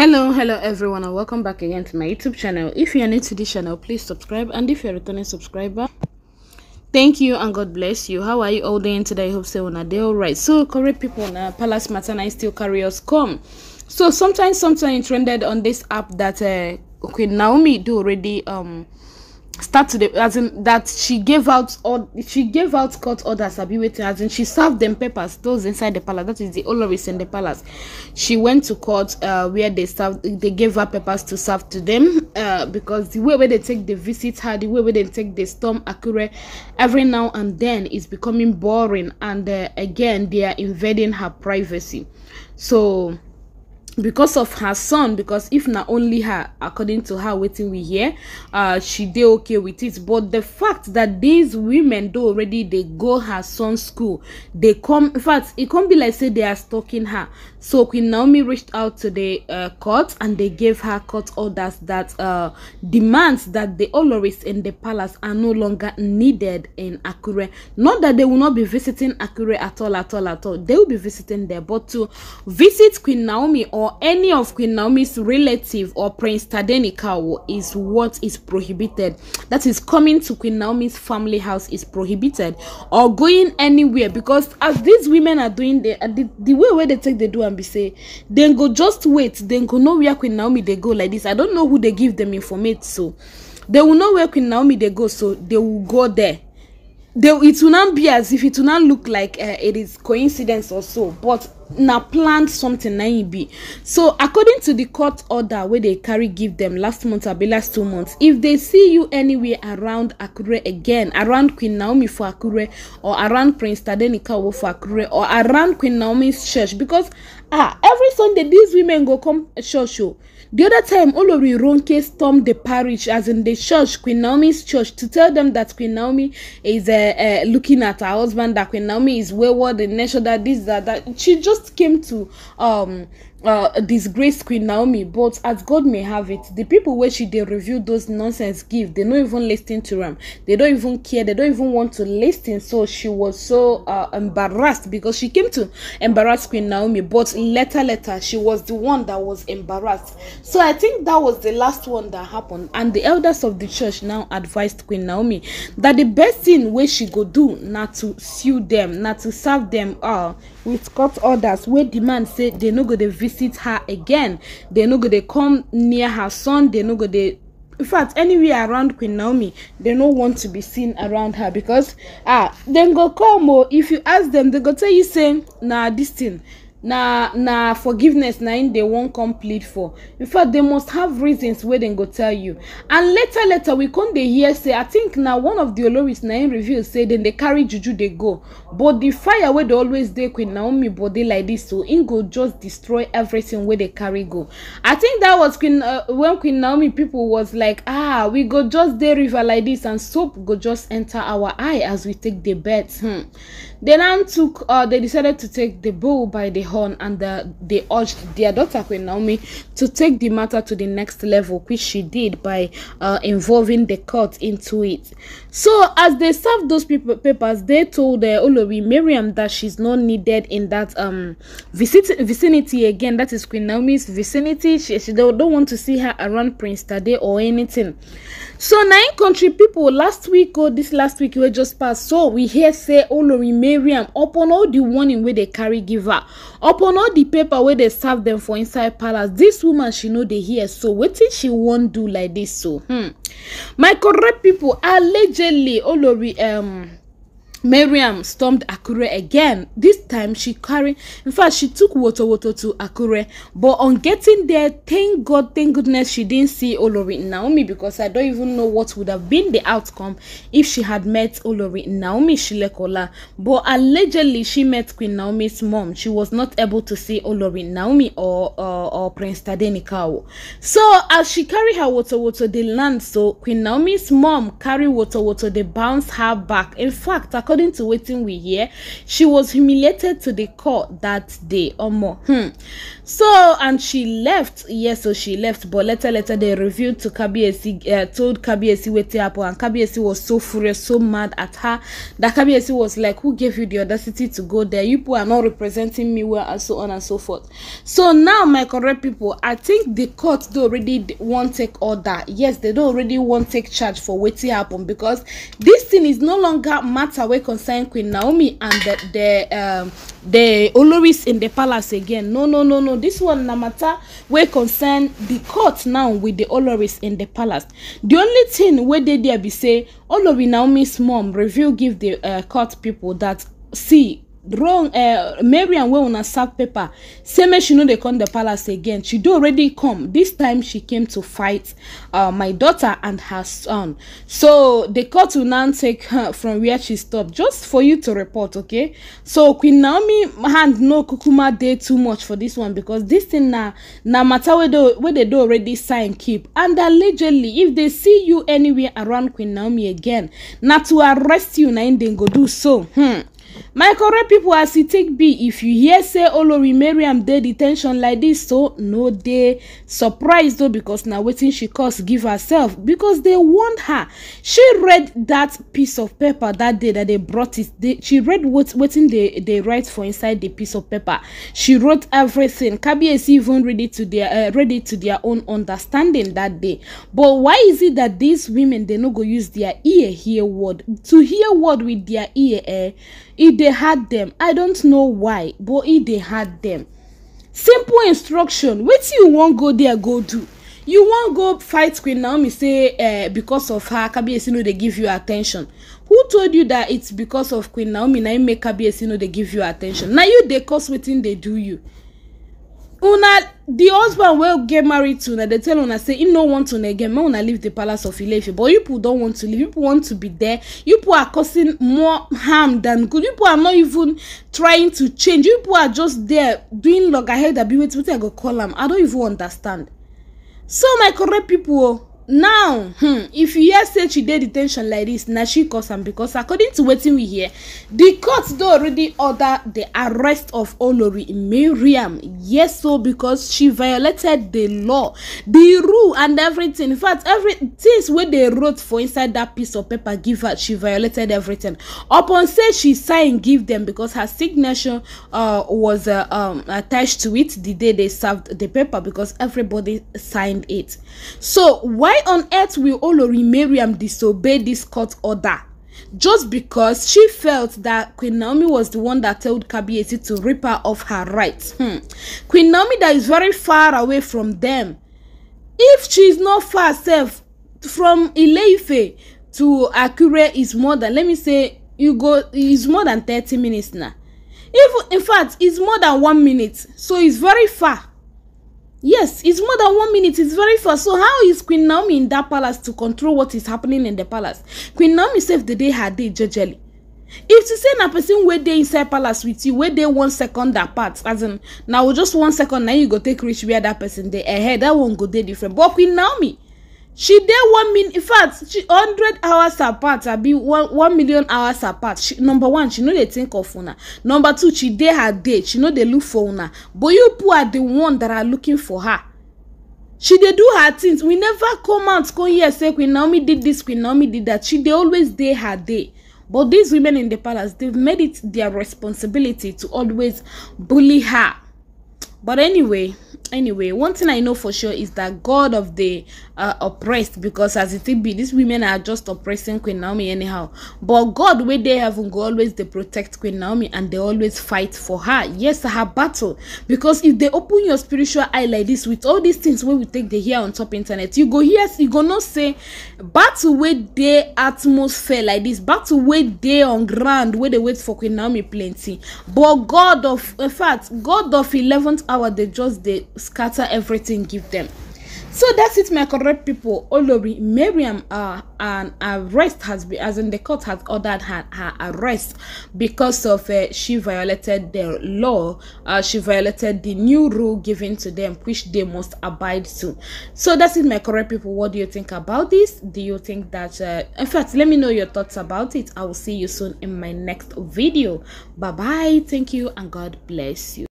hello hello everyone and welcome back again to my youtube channel if you are new to this channel please subscribe and if you're a returning subscriber thank you and god bless you how are you all doing today I hope so on a day all right so correct people now palace Matana and still come so sometimes sometimes trended on this app that uh okay naomi do already um start to the as in that she gave out or she gave out court orders be waiting as in she served them papers those inside the palace that is the oloris in the palace she went to court uh, where they served they gave her papers to serve to them uh, because the way where they take the visit her the way where they take the storm accurate every now and then is becoming boring and uh, again they are invading her privacy so because of her son because if not only her according to her waiting we hear uh, she did okay with it but the fact that these women though already they go her son school they come in fact can come be like say they are stalking her so queen naomi reached out to the uh, court and they gave her court orders that uh, demands that the oloris in the palace are no longer needed in akure not that they will not be visiting akure at all at all at all they will be visiting there but to visit queen naomi or any of Queen Naomi's relative or Prince Tadenikawo is what is prohibited. That is coming to Queen Naomi's family house is prohibited or going anywhere because as these women are doing the, the, the way where they take the do and be say then go just wait then go know where Queen Naomi they go like this. I don't know who they give them information so they will know where Queen Naomi they go so they will go there they, it will not be as if it will not look like uh, it is coincidence or so but na planned something na im e be so according to the court order wey dey carry give them last month abi last two months if they see you anywhere around akure again around queen naomi for akure or around prince tadenikawo for akure or around queen naomi's church because ah every sunday these women go come church o. Oh, The other time, Olori Ronke stormed the parish, as in the church, Queen Naomi's church, to tell them that Queen Naomi is uh, uh, looking at her husband, that Queen Naomi is wayward in nature, that this, that, that. She just came to um uh, disgrace Queen Naomi, but as God may have it, the people where she they review those nonsense give, they don't even listen to them. They don't even care. They don't even want to listen. So she was so uh, embarrassed because she came to embarrass Queen Naomi, but later, later, she was the one that was embarrassed. So I think that was the last one that happened. And the elders of the church now advised Queen Naomi that the best thing where she go do not to sue them, not to serve them, uh, with court orders wey demand say dem no go dey visit her again dem no go dey come near her son dem no go dey in fact anywhere around queen naomi dem no want to be seen around her because ah dem go come o oh, if you ask dem dem go tell you say na dis thing na na forgiveness na im dey wan come plead for in fact dem must have reasons wey dem go tell you and later later we come dey hear say i think na one of the oloris na im reveal say dem dey carry juju dey go but the fire wey dey always dey queen naomi body like this so im go just destroy everything wey dey carry go i think that was queen uh, when queen naomi people was like ah we go just dey river like this and soap go just enter our eye as we take dey bet hmm. dem now took uh, they decided to take the bull by the and they urged their daughter Queen Naomi to take the matter to the next level, which she did by uh, involving the court into it. So as they served those papers, they told uh, Olori Miriam that she's not needed in that um vicinity again. That is Queen Naomi's vicinity. She, she don't, don't want to see her around Prince Tade or anything. So nine country people last week or oh, this last week we just passed. So we hear say Olori Miriam upon all the warning where they carry give her upon all the paper wey dey serve dem for inside palace dis woman she no dey hear so wetin she wan do like dis so hmm my correct pipo allegedly olori um Miriam stormed Akure again. This time she carried, in fact, she took Woto Woto to Akure. But on getting there, thank God, thank goodness she didn't see Olori Naomi because I don't even know what would have been the outcome if she had met Olori Naomi Shilekola. But allegedly, she met Queen Naomi's mom. She was not able to see Olori Naomi or, or, or Prince Tadenikawo. So as she carried her Woto Woto, they land. So Queen Naomi's mom carried Woto Woto, they bounced her back. In fact, according to waiting we hear she was humiliated to the core that day or more. Hmm. So, and she left. Yes, so she left. But later, later, they revealed to Kabiesi, uh, told Kabiesi what happened. And Kabiesi was so furious, so mad at her that Kabiesi was like, Who gave you the audacity to go there? You people are not representing me well, and so on and so forth. So, now, my correct people, I think the court do already won't take order. Yes, they don't already won't take charge for what happened because this thing is no longer matter where concern Queen Naomi and the, the um the oloris in the palace again no no no no this one na matter wey concern the court now with the oloris in the palace the only thing wey dey there be say olori naomi's mom reveal give the uh, court people that see Wrong. uh, eh, Marian wey una serve paper say make she no dey come the palace again she do already come this time she came to fight uh, my daughter and her son so the court will now take her from where she stop just for you to report okay so Queen Naomi hand no kukuma dey too much for this one because this thing na na matter wey dey wey dey do already sign keep and allegedly if they see you anywhere around Queen Naomi again na to arrest you na im dem go do so hmm my correct people, as e take be if you hear say olori oh, mariam dey detention like this," so no dey surprised though, because na wetin she cause give herself because they warned her she read that piece of paper that day that they brought it she read what wetin they write for inside the piece of paper she wrote everything kabiyesi even read it to their uh, read it to their own understanding that day but why is it that these women they no go use their ear hear word to hear word with their ear eh e dey hard dem i don't know why but e dey hard dem simple instruction wetin you wan go there go do you wan go fight queen naomi say uh, because of her kabiyesi no dey give you at ten tion who told you that it's because of queen naomi na im make kabiyesi no dey give you at ten tion na you dey cause wetin dey do you una the husband wey get married to una dey tell una say im no want una again make una leave the palace of ileife but you people don want to leave you people want to be there you people are causing more harm than good you people are not even trying to change you people are just there doing loggerhead abi wetin wetin i go call am i don't even understand so my correct people o. Oh, now hmm, if you hear say she dey de ten tion like this na she cause am because according to wetin we hear the court don already order the arrest of olori Miriam. yes so because she violated the law the rule and everything in fact every things wey dey wrote for inside that piece of paper give her she violated everything upon say she sign give them because her signature uh, was uh, um, attached to it the day they served the paper because everybody signed it so why on earth will Olori Miriam disobey this court order? Just because she felt that Queen Naomi was the one that told Kabiesi to rip her off her rights. Hmm. Queen Naomi that is very far away from them. If she is not far safe from Ileife to Akure is more than, let me say, you go, is more than 30 minutes now. Even, in fact, it's more than one minute. So it's very far. Yes, it's more than one minute. It's very fast. So how is Queen Naomi in that palace to control what is happening in the palace? Queen Naomi saved the day her day jejely. If you say na person wey dey inside palace with you, wey dey one second apart, as in now just one second, now you go take reach where that person dey. Eh, that one go dey different. But Queen Naomi, she dey one min in fact she hundred hours apart abi one one million hours apart she number one she no dey think of una number two she dey her day she no dey look for una but you people are the one that are looking for her she dey do her things we never come out come hear say queen naomi did this queen naomi did that she dey always dey her day but these women in the palace they've made it their responsibility to always bully her but anyway anyway one thing i know for sure is that god of the uh, oppressed because as it be these women are just oppressing queen naomi anyhow but god where they haven't go always they protect queen naomi and they always fight for her yes her battle because if they open your spiritual eye like this with all these things where we take the here on top internet you go here you go not say battle where they atmosphere like this battle where they on ground where they wait for queen naomi plenty but god of in fact god of 11th hour they just they scatter everything give them so that's it my correct people olori miriam um, uh an arrest has been as in the court has ordered her, her arrest because of uh, she violated the law uh, she violated the new rule given to them which they must abide to so that's it my correct people what do you think about this do you think that uh, in fact let me know your thoughts about it i will see you soon in my next video bye bye thank you and god bless you